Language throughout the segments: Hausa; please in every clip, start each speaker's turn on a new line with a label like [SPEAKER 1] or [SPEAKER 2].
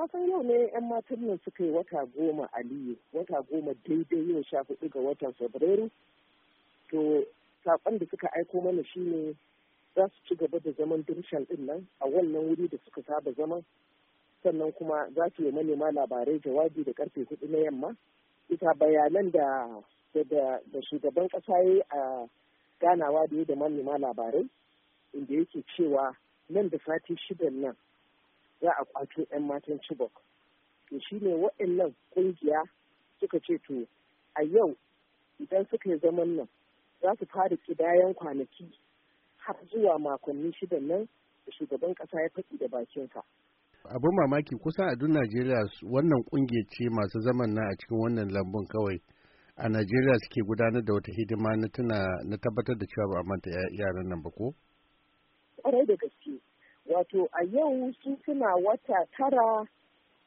[SPEAKER 1] kasan yau ne 'yan matan nan suka yi wata goma aliyu wata goma daidai yau sha hudu ga watan fabrairu to saƙon da suka aiko mana shine za su ci gaba da zaman dirshan din nan a wannan wuri da suka saba zaman? sannan kuma za su yi manema labarai jawabi da karfe hudu na yamma ita bayanan da da shugaban kasa ya a ganawa da ya da manema labarai inda yake cewa nan da sati shidan nan za a kwato 'yan matan Chibok. To shi ne wa'annan ƙungiya suka ce to a yau idan suka yi zaman nan za su fara kidayen kwanaki har zuwa makonni shida nan da shugaban ƙasa ya faɗi da bakinsa.
[SPEAKER 2] abin mamaki kusan a duk najeriya wannan kungiya ce masu zaman nan a cikin wannan lambun kawai a najeriya suke gudanar da wata hidima na tabbatar da cewa ba a manta yaran nan ba ko
[SPEAKER 1] kwarai da gaske wato a yau su suna wata tara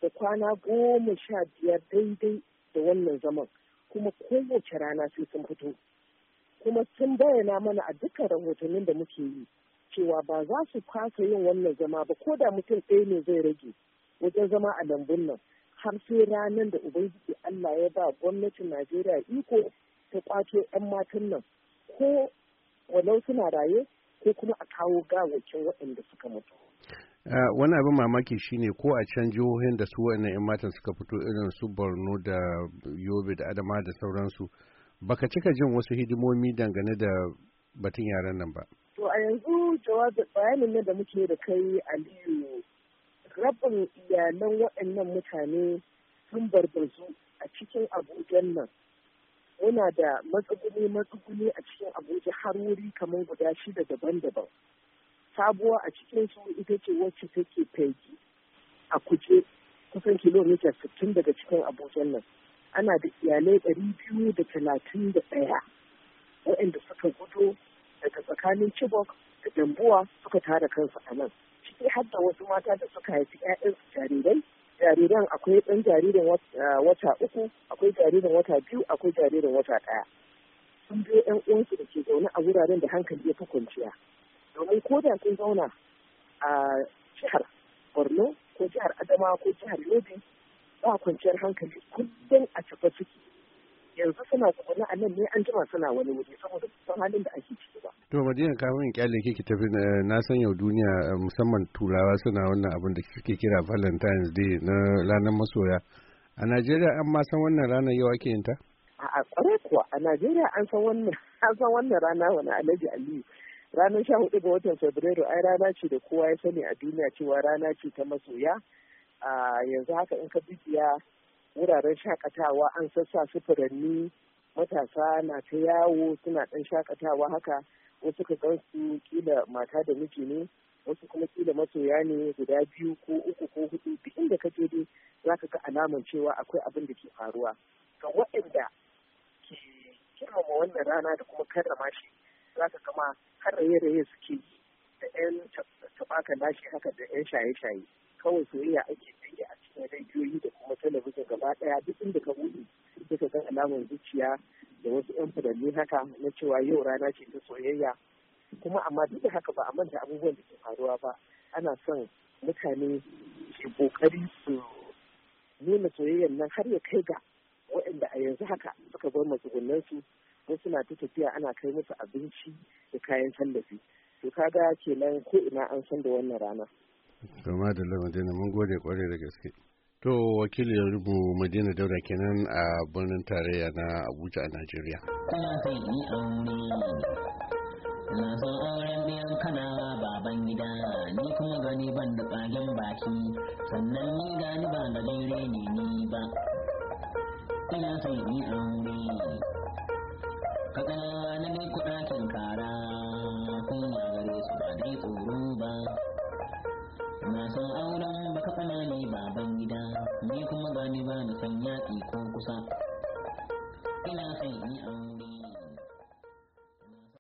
[SPEAKER 1] da kwana goma sha biyar daidai da wannan zaman kuma kowace rana sai sun fito kuma sun bayyana mana a dukkan rahotannin da muke yi cewa ba za su kwasa yin wannan zama ba ko da mutum ɗaya ne zai rage wajen zama a lambun nan har sai ranar da ubangiji Allah ya ba gwamnatin Najeriya iko ta kwato 'yan matan nan ko walau suna raye ko kuma a kawo gawakin waɗanda suka mutu.
[SPEAKER 2] wani abin mamaki shine ko a can jihohin da su wa'annan 'yan matan suka fito irin su borno da yobe da adama da sauransu baka cika jin wasu hidimomi dangane da batun yaren nan ba
[SPEAKER 1] to a yanzu jawabin bayanin ne da muke da kai aliyu rabin iyalan waɗannan mutane sun barbazu a cikin abujan nan yana da matsuguni matsuguni a cikin abuja har wuri kamar guda shida daban-daban sabuwa a cikin su ita ce wacce take fegi a kuce kusan kilomita 60 daga cikin abokan nan ana da iyalai biyu da da talatin ɗari ɗaya. waɗanda suka gudu daga tsakanin chibok da dambuwa suka tara kansu a nan ciki har da wasu mata da suka haifi ƴaƴan jarirai jariran akwai ɗan jaririn wata uku akwai jaririn wata biyu akwai jaririn wata ɗaya sun biyo ƴan uwansu da ke zaune a wuraren da hankali ya fi kwanciya domin ko da sun zauna a jihar borno ko jihar adama ko jihar yobe ba kwanciyar hankali kullum a tafa ciki yanzu suna tsakani a nan ne an jima suna wani wuri saboda san halin da ake ciki ba.
[SPEAKER 2] To Madina kafin kyale kike tafi eh, na san yau duniya eh, musamman turawa suna wannan abin da ke kira Valentine's Day na ranar masoya. A Najeriya an ma san wannan ranar yau ake yin ta?
[SPEAKER 1] A kwarai kuwa a Najeriya an san wannan an san wannan rana wani Alhaji Aliyu ranar sha hudu ga watan fabrairu ai rana ce da kowa ya sani a duniya cewa rana ce ta masoya a yanzu haka in ka bibiya wuraren shakatawa an sassa su furanni matasa na ta yawo suna ɗan shakatawa haka wasu ka gansu kila mata da miji ne wasu kuma kila masoya ne guda biyu ko uku ko hudu duk inda ka je dai za ka ga alaman cewa akwai abin da ke faruwa ga waɗanda ke kirmama wannan rana da kuma karrama shi za ka kama har raye-raye suke da 'yan tabaka nashi haka da 'yan shaye-shaye kawai soyayya ake tsaye a cikin rediyoyi da kuma talabijin gaba ɗaya duk inda ka buɗe duka ga alamar zuciya da wasu 'yan fudanni haka na cewa yau rana ce ta soyayya kuma amma duk da haka ba a manta abubuwan da ke faruwa ba ana son mutane ke kokari su nuna soyayyan nan har ya kai ga waɗanda a yanzu haka suka bar matsugunan su ko suna ta tafiya ana kai musu abinci da kayan tallafi to kaga kenan ko ina an san da wannan rana
[SPEAKER 2] Gama da Lamadina mun gode kwarai da gaske. To wakilin mu Madina Dauda kenan a birnin tarayya na Abuja a Najeriya. Kana son yi aure, na son auren biyan kanawa baban gida, ni kuma gani ban da tsagen baki, sannan ni gani ba da gaire ne ni ba. Kana son yi aure. na dai kuɗatan kara na gare su ba dai tsoro ba masu auren baka fana mai baban gida ni kuma gani ba na san yaƙi ko kusa ina son yi aure